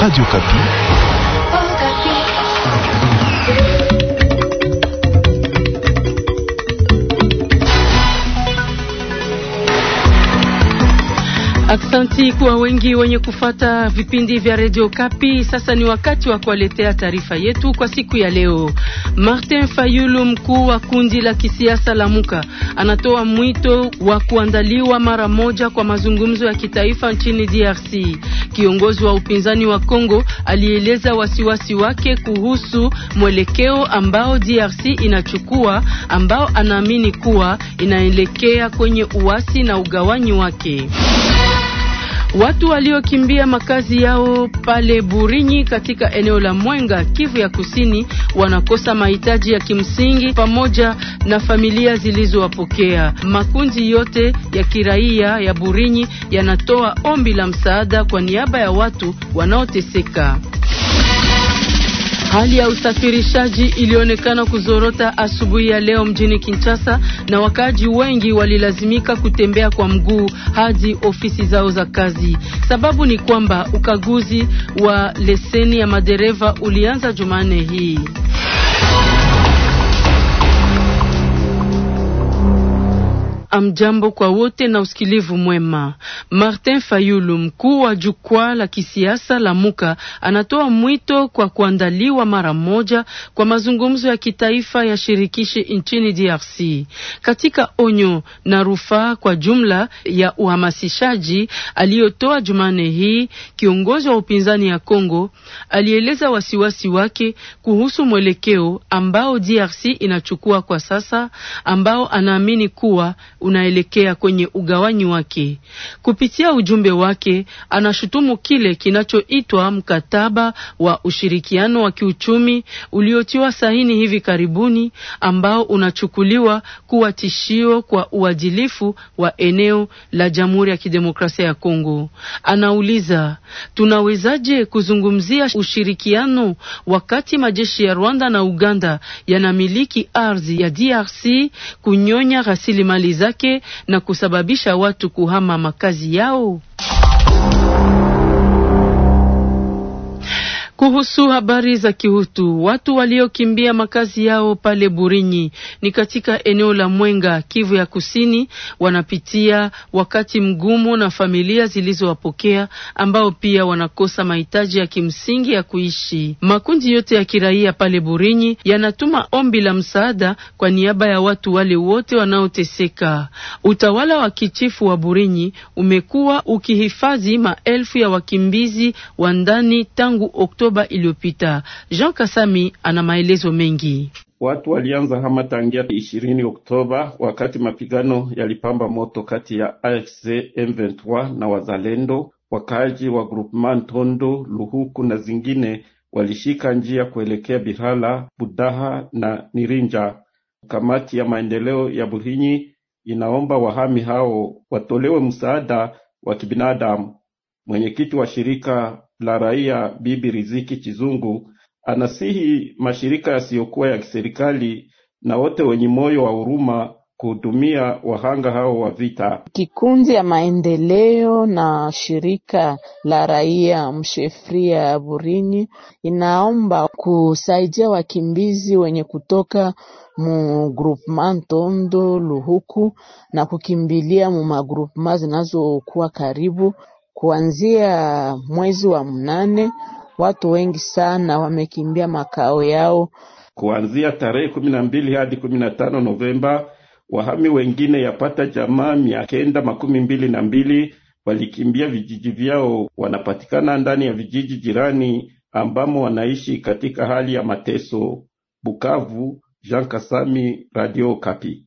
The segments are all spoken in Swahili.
Radio Capi Aksanti kwa wengi wenye kufata vipindi vya radio Kapi. Sasa ni wakati wa kuwaletea taarifa yetu kwa siku ya leo. Martin Fayulu, mkuu wa kundi la kisiasa la Muka, anatoa mwito wa kuandaliwa mara moja kwa mazungumzo ya kitaifa nchini DRC. Kiongozi wa upinzani wa Kongo alieleza wasiwasi wake kuhusu mwelekeo ambao DRC inachukua, ambao anaamini kuwa inaelekea kwenye uasi na ugawanyi wake. Watu waliokimbia makazi yao pale Burinyi katika eneo la Mwenga, Kivu ya Kusini, wanakosa mahitaji ya kimsingi pamoja na familia zilizowapokea. Makundi yote ya kiraia ya Burinyi yanatoa ombi la msaada kwa niaba ya watu wanaoteseka. Hali ya usafirishaji ilionekana kuzorota asubuhi ya leo mjini Kinshasa na wakaaji wengi walilazimika kutembea kwa mguu hadi ofisi zao za kazi. Sababu ni kwamba ukaguzi wa leseni ya madereva ulianza Jumanne hii. Amjambo kwa wote na usikilivu mwema. Martin Fayulu, mkuu wa jukwaa la kisiasa la Muka, anatoa mwito kwa kuandaliwa mara moja kwa mazungumzo ya kitaifa ya shirikishi nchini DRC. Katika onyo na rufaa kwa jumla ya uhamasishaji aliyotoa Jumane hii, kiongozi wa upinzani ya Kongo alieleza wasiwasi wake kuhusu mwelekeo ambao DRC inachukua kwa sasa ambao anaamini kuwa unaelekea kwenye ugawanyi wake. Kupitia ujumbe wake, anashutumu kile kinachoitwa mkataba wa ushirikiano wa kiuchumi uliotiwa sahini hivi karibuni, ambao unachukuliwa kuwa tishio kwa uadilifu wa eneo la Jamhuri ya Kidemokrasia ya Kongo. Anauliza, tunawezaje kuzungumzia ushirikiano wakati majeshi ya Rwanda na Uganda yanamiliki ardhi ya DRC kunyonya rasilimali zake zake na kusababisha watu kuhama makazi yao? Kuhusu habari za kiutu, watu waliokimbia makazi yao pale Burinyi ni katika eneo la Mwenga, Kivu ya Kusini, wanapitia wakati mgumu na familia zilizowapokea ambao pia wanakosa mahitaji ya kimsingi ya kuishi. Makundi yote ya kiraia pale Burinyi yanatuma ombi la msaada kwa niaba ya watu wale wote wanaoteseka. Utawala wa kichifu wa Burinyi umekuwa ukihifadhi maelfu ya wakimbizi wa ndani tangu Oktoba Oktoba iliyopita. Jean Kasami ana maelezo mengi. Watu walianza hama tangia 20 Oktoba wakati mapigano yalipamba moto kati ya AFC M23 na wazalendo. Wakaaji wa groupement Tondo, Luhuku na zingine walishika njia kuelekea Bihala, Budaha na Nirinja. Kamati ya maendeleo ya burinyi inaomba wahami hao watolewe msaada wa kibinadamu. Mwenyekiti wa shirika la raia Bibi Riziki Chizungu anasihi mashirika yasiyokuwa ya kiserikali na wote wenye moyo wa huruma kuhudumia wahanga hao wa vita. Kikundi ya maendeleo na shirika la raia Mshefria burini inaomba kusaidia wakimbizi wenye kutoka mu groupema Ntondo Luhuku na kukimbilia mu magroupema zinazokuwa karibu Kuanzia mwezi wa mnane watu wengi sana wamekimbia makao yao. Kuanzia tarehe kumi na mbili hadi kumi na tano Novemba, wahami wengine yapata jamaa mia kenda makumi mbili na mbili walikimbia vijiji vyao, wanapatikana ndani ya vijiji jirani ambamo wanaishi katika hali ya mateso. Bukavu, Jean Kasami, Radio Kapi.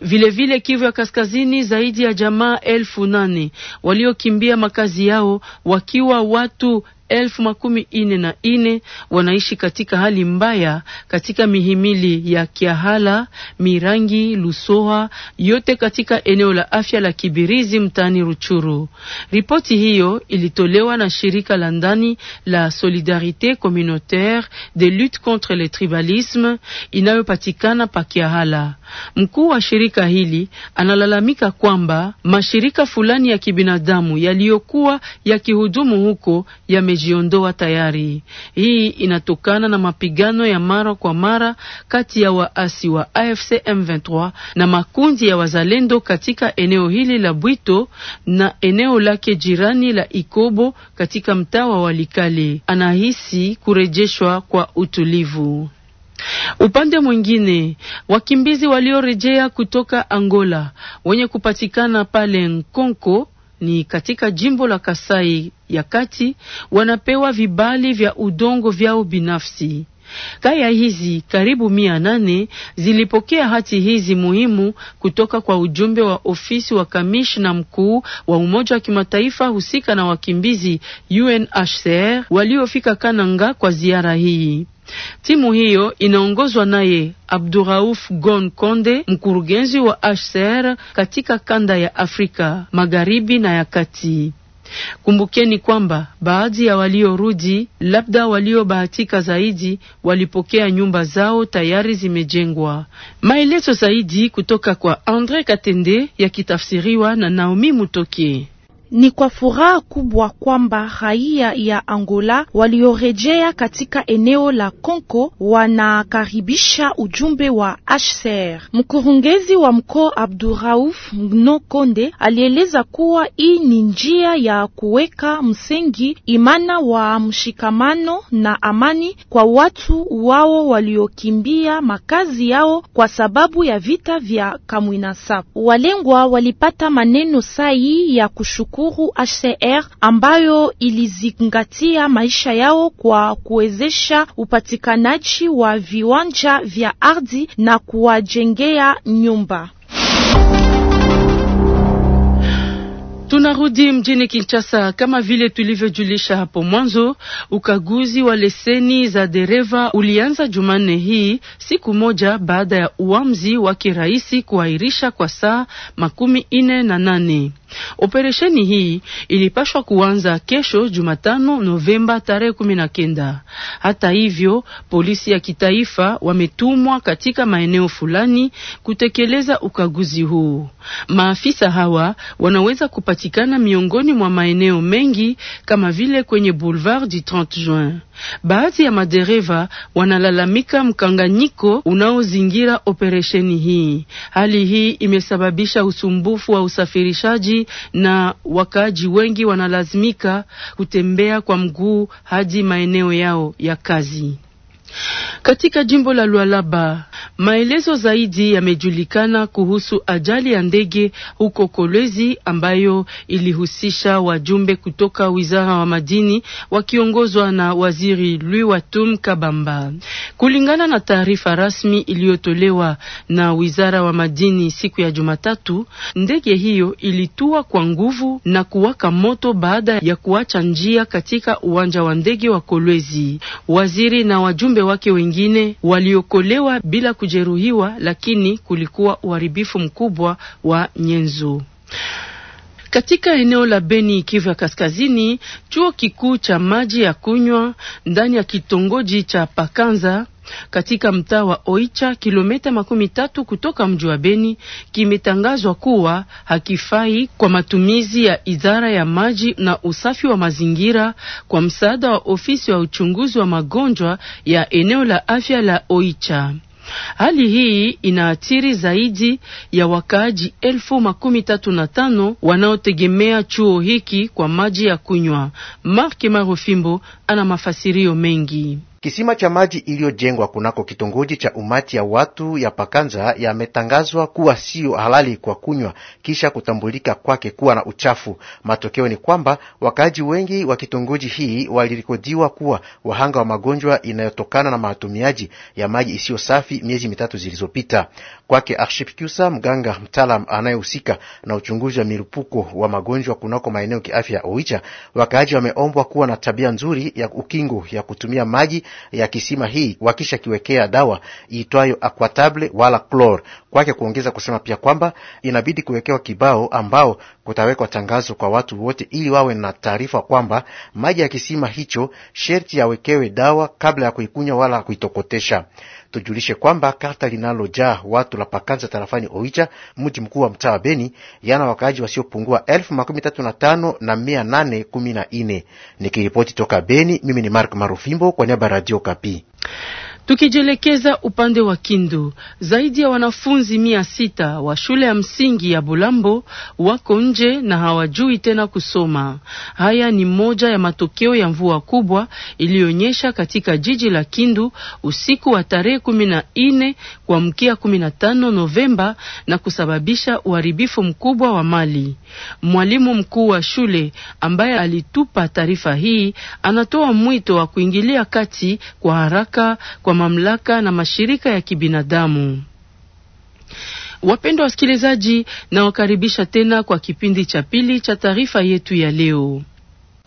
Vilevile vile Kivu ya Kaskazini, zaidi ya jamaa elfu nane waliokimbia makazi yao wakiwa watu elfu makumi ine na ine wanaishi katika hali mbaya katika mihimili ya Kiahala, Mirangi, Lusoha, yote katika eneo la afya la Kibirizi mtaani Ruchuru. Ripoti hiyo ilitolewa na shirika la ndani la Solidarite Communautaire de Lutte contre le Tribalisme inayopatikana pa Kiahala. Mkuu wa shirika hili analalamika kwamba mashirika fulani ya kibinadamu yaliyokuwa yakihudumu huko yame imejiondoa tayari. Hii inatokana na mapigano ya mara kwa mara kati ya waasi wa AFC M23 na makundi ya wazalendo katika eneo hili la Bwito na eneo lake jirani la Ikobo katika mtaa wa Walikale. Anahisi kurejeshwa kwa utulivu. Upande mwingine, wakimbizi waliorejea kutoka Angola wenye kupatikana pale Nkonko ni katika jimbo la Kasai ya Kati wanapewa vibali vya udongo vyao binafsi. Kaya hizi karibu mia nane zilipokea hati hizi muhimu kutoka kwa ujumbe wa ofisi wa kamishna mkuu wa Umoja wa Kimataifa husika na wakimbizi UNHCR waliofika Kananga kwa ziara hii. Timu hiyo inaongozwa naye Abdurauf Gon Konde, mkurugenzi wa HCR katika kanda ya Afrika Magharibi na ya Kati. Kumbukeni kwamba baadhi ya waliorudi, labda waliobahatika zaidi, walipokea nyumba zao tayari zimejengwa. Maelezo zaidi kutoka kwa Andre Katende yakitafsiriwa na Naomi Mutoke. Ni kwa furaha kubwa kwamba raia ya Angola waliorejea katika eneo la konko wanakaribisha ujumbe wa HCR. Mkurugenzi wa mkoa Abdurauf konde alieleza kuwa hii ni njia ya kuweka msingi imana wa mshikamano na amani kwa watu wao waliokimbia makazi yao kwa sababu ya vita vya Kamwina Nsapu. Walengwa walipata maneno sahihi ya kushukuru Nakuru HCR ambayo ilizingatia maisha yao kwa kuwezesha upatikanaji wa viwanja vya ardhi na kuwajengea nyumba. Tunarudi mjini Kinshasa. Kama vile tulivyojulisha hapo mwanzo, ukaguzi wa leseni za dereva ulianza Jumanne hii, siku moja baada ya uamuzi wa kiraisi kuahirisha kwa saa makumi nne na nane. Operesheni hii ilipashwa kuanza kesho Jumatano Novemba tarehe kumi na kenda. Hata hivyo, polisi ya kitaifa wametumwa katika maeneo fulani kutekeleza ukaguzi huu. Maafisa hawa wanaweza kupatikana miongoni mwa maeneo mengi kama vile kwenye Boulevard du 30 Juin. Baadhi ya madereva wanalalamika mkanganyiko unaozingira operesheni hii. Hali hii imesababisha usumbufu wa usafirishaji na wakaaji wengi wanalazimika kutembea kwa mguu hadi maeneo yao ya kazi. Katika jimbo la Lualaba, maelezo zaidi yamejulikana kuhusu ajali ya ndege huko Kolwezi ambayo ilihusisha wajumbe kutoka wizara wa madini wakiongozwa na waziri Louis Watum Kabamba. Kulingana na taarifa rasmi iliyotolewa na Wizara wa Madini siku ya Jumatatu, ndege hiyo ilitua kwa nguvu na kuwaka moto baada ya kuacha njia katika uwanja wa ndege wa Kolwezi. Waziri na wajumbe wake wengine waliokolewa bila kujeruhiwa, lakini kulikuwa uharibifu mkubwa wa nyenzo. Katika eneo la Beni, Kivu ya Kaskazini, chuo kikuu cha maji ya kunywa ndani ya kitongoji cha Pakanza katika mtaa wa Oicha, kilomita makumi tatu kutoka mji wa Beni, kimetangazwa kuwa hakifai kwa matumizi ya idara ya maji na usafi wa mazingira kwa msaada wa ofisi wa uchunguzi wa magonjwa ya eneo la afya la Oicha. Hali hii inaathiri zaidi ya wakaaji elfu makumi tatu na tano wanaotegemea chuo hiki kwa maji ya kunywa. Mark Marofimbo ana mafasirio mengi. Kisima cha maji iliyojengwa kunako kitongoji cha umati ya watu ya Pakanza yametangazwa kuwa sio halali kwa kunywa kisha kutambulika kwake kuwa na uchafu. Matokeo ni kwamba wakaaji wengi wa kitongoji hii walirikodiwa kuwa wahanga wa magonjwa inayotokana na matumiaji ya maji isiyo safi miezi mitatu zilizopita. Kwake Arshipkusa, mganga mtaalam anayehusika na uchunguzi wa milipuko wa magonjwa kunako maeneo kiafya Oicha, wakaaji wameombwa kuwa na tabia nzuri ya ukingo ya kutumia maji ya kisima hii wakisha kiwekea dawa iitwayo aquatable wala chlor kwake kuongeza kusema pia kwamba inabidi kuwekewa kibao ambao kutawekwa tangazo kwa watu wote, ili wawe na taarifa kwamba maji ya kisima hicho sherti yawekewe dawa kabla ya kuikunywa wala kuitokotesha. Tujulishe kwamba kata linalojaa watu la Pakanza tarafani Oicha, mji mkuu wa mtaa wa Beni, yana wakaaji wasiopungua elfu makumi tatu na tano na mia nane kumi na nne. Nikiripoti toka Beni, mimi ni Mark Marufimbo kwa niaba ya Radio Kapi. Tukijielekeza upande wa Kindu, zaidi ya wanafunzi mia sita wa shule ya msingi ya Bulambo wako nje na hawajui tena kusoma. Haya ni moja ya matokeo ya mvua kubwa iliyonyesha katika jiji la Kindu usiku wa tarehe kumi na nne kuamkia kumi na tano Novemba na kusababisha uharibifu mkubwa wa mali. Mwalimu mkuu wa shule ambaye alitupa taarifa hii anatoa mwito wa kuingilia kati kwa haraka kwa mamlaka na mashirika ya kibinadamu. Wapendwa wasikilizaji, nawakaribisha tena kwa kipindi cha pili cha taarifa yetu ya leo.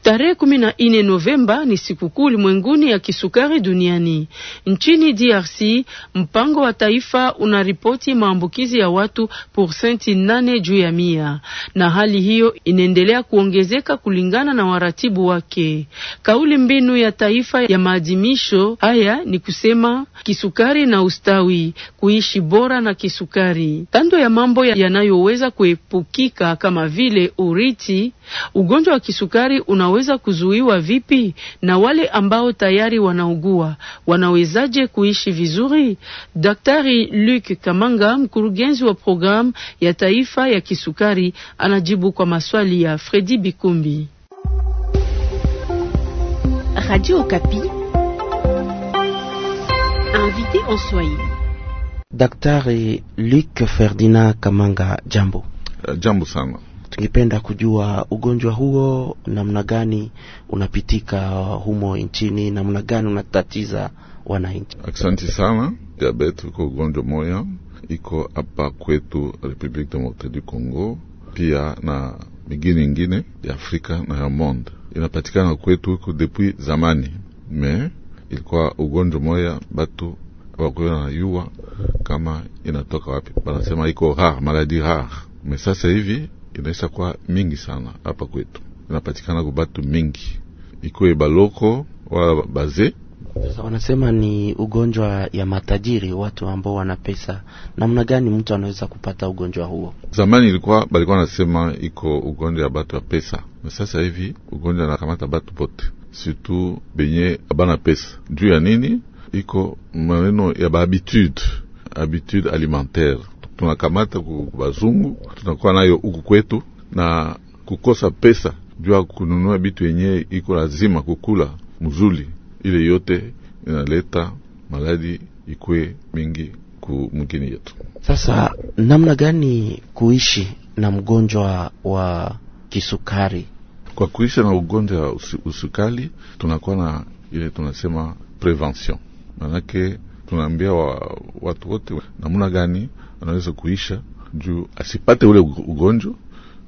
Tarehe kumi na nne Novemba ni sikukuu ulimwenguni ya kisukari duniani. Nchini DRC, mpango wa taifa unaripoti maambukizi ya watu porsenti nane juu ya mia, na hali hiyo inaendelea kuongezeka kulingana na waratibu wake. Kauli mbinu ya taifa ya maadhimisho haya ni kusema kisukari na ustawi, kuishi bora na kisukari, kando ya mambo yanayoweza kuepukika kama vile uriti. Ugonjwa wa kisukari una unaweza kuzuiwa vipi, na wale ambao tayari wanaugua wanawezaje kuishi vizuri? Daktari Luc Kamanga, mkurugenzi wa programu ya taifa ya kisukari, anajibu kwa maswali ya Fredi Bikumbi. Radio Daktari Luc Ferdinand Kamanga, jambo. Uh, jambo sana. Ningependa kujua ugonjwa huo namna gani unapitika humo nchini, namna gani unatatiza wananchi. Asante sana. Diabete iko ugonjwa moya iko hapa kwetu Republique Democratique du Congo, pia na mingine ingine ya Afrika na ya monde inapatikana kwetu iko depuis zamani, me ilikuwa ugonjwa moya batu wakuwa na yua kama inatoka wapi, banasema iko rare, maladie rare. Me sasa hivi inaisa kwa mingi sana hapa kwetu, inapatikana kwa batu mingi, ikuwe baloko wala baze. Sasa wanasema ni ugonjwa ya matajiri, watu ambao wana pesa. Namna gani mtu anaweza kupata ugonjwa huo? Zamani ilikuwa balikuwa nasema iko ugonjwa ya batu ya pesa, na sasa hivi ugonjwa nakamata batu bote, surtout benye abana pesa. Juu ya nini? Iko maneno ya bahabitude, habitude alimentaire tunakamata kubazungu, tunakuwa nayo huku kwetu, na kukosa pesa jua kununua bitu yenye iko lazima kukula mzuli, ile yote inaleta maladi ikwe mingi kumgini yetu. Sasa namna gani kuishi na mgonjwa wa kisukari? Kwa kuishi na ugonjwa wa usukari, tunakuwa na ile tunasema prevention, manake tunaambia wa, watu wote namna gani anaweza kuisha juu asipate ule ugonjwa,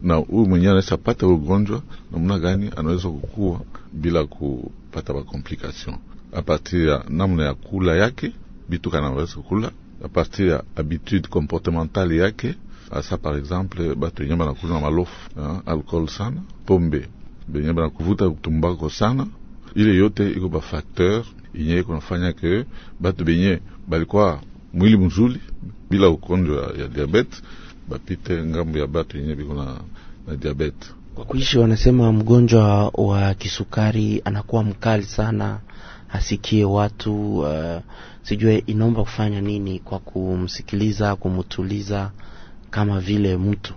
na huyu mwenyewe anaweza pata ule ugonjwa, namna gani anaweza kukua bila kupata makomplikasion apartir ya namna ya kula yake vitu kanaweza kula apartir ya habitude comportementale yake asa par exemple batu yenye banakunywa malofu alcool sana, pombe benye banakuvuta tumbako sana, ile yote iko bafakteur yenye iko nafanya ke batu benye balikuwa mwili mzuri bila ugonjwa ya diabete bapite ngambo ya batu yenye biko na, na diabete. Kwa kuishi wanasema mgonjwa wa kisukari anakuwa mkali sana, asikie watu uh, sijue inaomba kufanya nini kwa kumsikiliza, kumtuliza kama vile mtu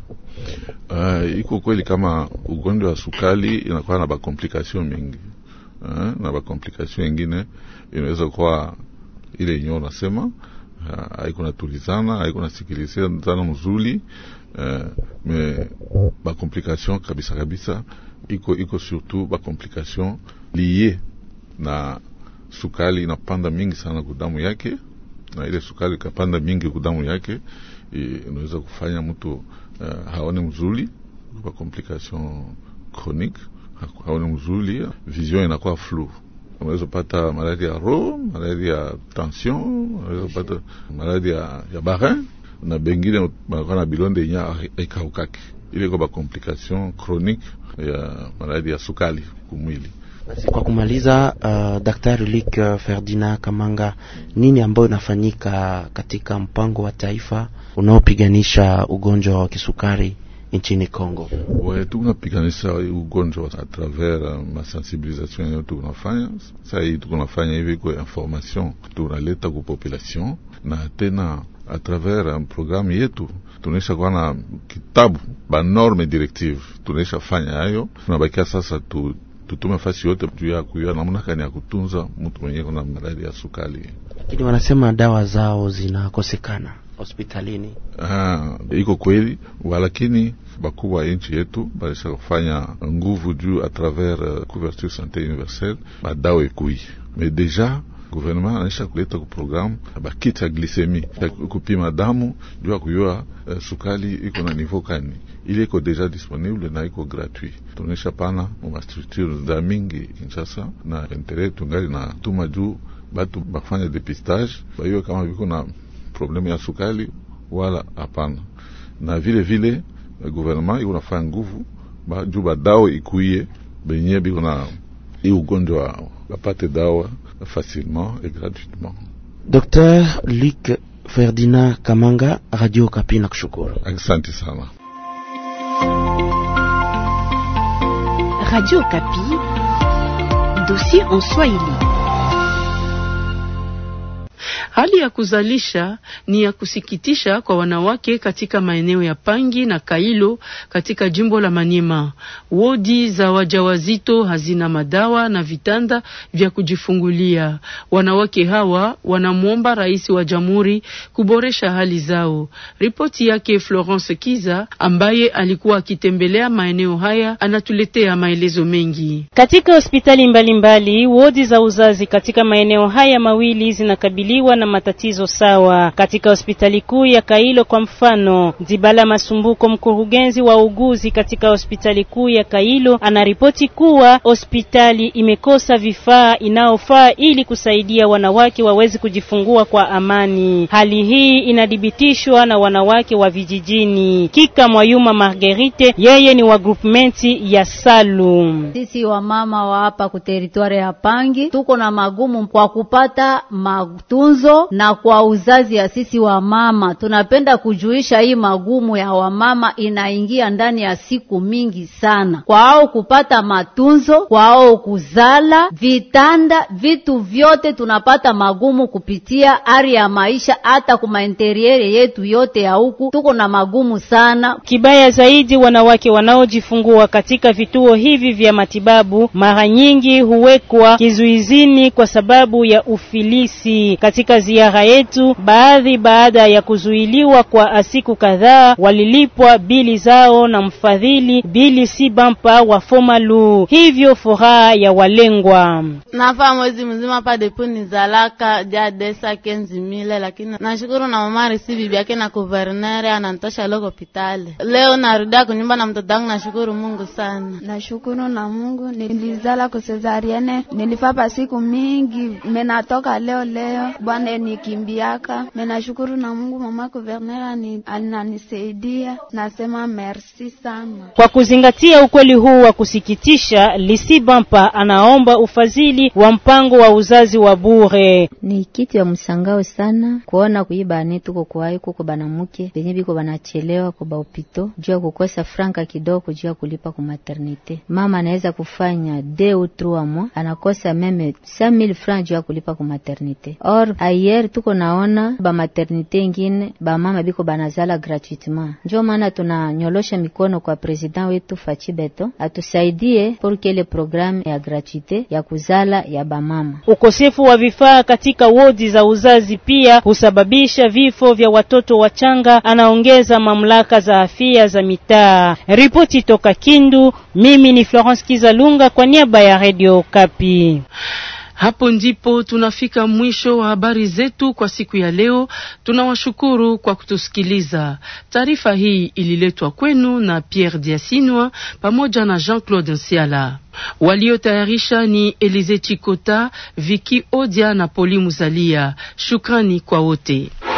uh, iko kweli kama ugonjwa wa sukari inakuwa na bakomplikasio mingi uh, na bakomplikasio ingine inaweza kuwa ile yenyewe unasema Eh, haiko natulizana, haiko nasikilizana mzuri uh, me bakomplikation kabisa kabisa iko iko surtout bakomplikation liye na sukali inapanda mingi sana kudamu yake, na ile sukali ikapanda mingi kudamu yake inaweza kufanya mtu uh, haone mzuri ba complication chronique, haone mzuri, vision inakuwa flou unaweza pata maradhi ya ro, maradhi ya tension, unaweza pata maradhi ya, ya barin na bengine banakuwa na bilonde yenye aikaukake ile kwa complication chronique ya maradhi ya sukali kumwili. Kwa kumaliza, uh, Daktari Luc uh, Ferdinand Kamanga, nini ambayo inafanyika katika mpango wa taifa unaopiganisha ugonjwa wa kisukari nchini Kongo. We, tukunapiganisha ugonjwa a travers masensibilisation yenye tukunafanya saa hii, tukunafanya hivi kwa information tunaleta ku population, na tena a travers programu yetu tunaisha kuwa na kitabu banorme directive tunaisha fanya hayo, tunabakia sasa tu tutume fasi yote juu ya kuyua namna gani ya kutunza mtu mwenyewe kuna maradhi ya sukari, lakini wanasema dawa zao zinakosekana hospitalini. iko kweli, walakini bakubwa ya nchi yetu baisha kufanya nguvu juu a travers uh, couverture santé universelle badawa ekui mais deja gouvernement anaisha kuleta ku programu bakit ya glisemi ya kupima damu juu ya kuyua uh, sukali iko na niveau kani, ile iko deja disponible na iko gratuit. Tunaisha pana ma za mingi Kinshasa na entere tungali na tuma juu batu bafanya depistage baiwe kama viko na problemu ya sukari wala hapana. Na vile vile eh, guvernema iko nafanya nguvu ba, juba dawa ikuye benye biko na i ugonjwa bapate dawa facilement et gratuitement. Docteur Luc Ferdinand Kamanga, Radio Kapi, kushukuru. Asante sana. Radio Kapi, dossier en Swahili. Hali ya kuzalisha ni ya kusikitisha kwa wanawake katika maeneo ya Pangi na Kailo katika jimbo la Manyema. Wodi za wajawazito hazina madawa na vitanda vya kujifungulia. Wanawake hawa wanamwomba rais wa jamhuri kuboresha hali zao. Ripoti yake Florence Kiza ambaye alikuwa akitembelea maeneo haya anatuletea maelezo mengi. Katika hospitali mbalimbali, wodi za uzazi katika maeneo haya mawili zinakabiliwa na na matatizo sawa katika hospitali kuu ya Kailo. Kwa mfano, Dibala Masumbuko, mkurugenzi wa uguzi katika hospitali kuu ya Kailo, anaripoti kuwa hospitali imekosa vifaa inaofaa ili kusaidia wanawake waweze kujifungua kwa amani. Hali hii inadhibitishwa na wanawake wa vijijini. Kika Mwayuma margherite yeye ni wa groupmenti ya Salu. Sisi wamama wa hapa kuteritware ya Pangi tuko na magumu kwa kupata matunzo na kwa uzazi ya sisi wamama. Tunapenda kujuisha hii magumu ya wamama inaingia ndani ya siku mingi sana, kwao kupata matunzo, kwao kuzala, vitanda, vitu vyote tunapata magumu kupitia ari ya maisha. Hata kumainterieri yetu yote ya huku tuko na magumu sana. Kibaya zaidi, wanawake wanaojifungua katika vituo hivi vya matibabu mara nyingi huwekwa kizuizini kwa sababu ya ufilisi katika ziara yetu, baadhi baada ya kuzuiliwa kwa siku kadhaa walilipwa bili zao na mfadhili bili si bampa wa Fomalu, hivyo furaha ya walengwa. Nafaa mwezi mzima pa depo ni zalaka ja desa kenzi mile, lakini nashukuru na mama risi bibi yake na guverner anantosha loko hospitali Leo narudia kunyumba na mtoto wangu, nashukuru Mungu sana. Nashukuru na Mungu nilizala kusezariene, nilifapa siku mingi menatoka leo leo Bwana ambaye nikimbiaka. Menashukuru na Mungu, mama guverner ananisaidia, nasema merci sana. Kwa kuzingatia ukweli huu wa kusikitisha, Lisi Bampa anaomba ufadhili wa mpango wa uzazi wa bure. Ni kitu ya msangao sana kuona kuibani tuko kwayi kuko banamuke benye biko banachelewa kwa baupito juu ya kukosa franka kidogo juu ya kulipa ku maternite. Mama anaweza kufanya deux ou trois mois anakosa meme 5000 francs juu ya kulipa ku maternite or ai Hier tuko naona bamaternite ingine bamama biko banazala gratuitement, njo maana tunanyolosha mikono kwa president wetu Fachi Beto atusaidie que le programme ya gratuite ya kuzala ya bamama. Ukosefu wa vifaa katika wodi za uzazi pia husababisha vifo vya watoto wachanga, anaongeza mamlaka za afya za mitaa. Ripoti toka Kindu, mimi ni Florence Kizalunga kwa niaba ya Radio Kapi. Hapo ndipo tunafika mwisho wa habari zetu kwa siku ya leo. Tunawashukuru kwa kutusikiliza. Taarifa hii ililetwa kwenu na Pierre Diasinwa pamoja na Jean-Claude Nsiala. Waliotayarisha ni Elize Chikota, Viki Odia na Poli Muzalia. Shukrani kwa wote.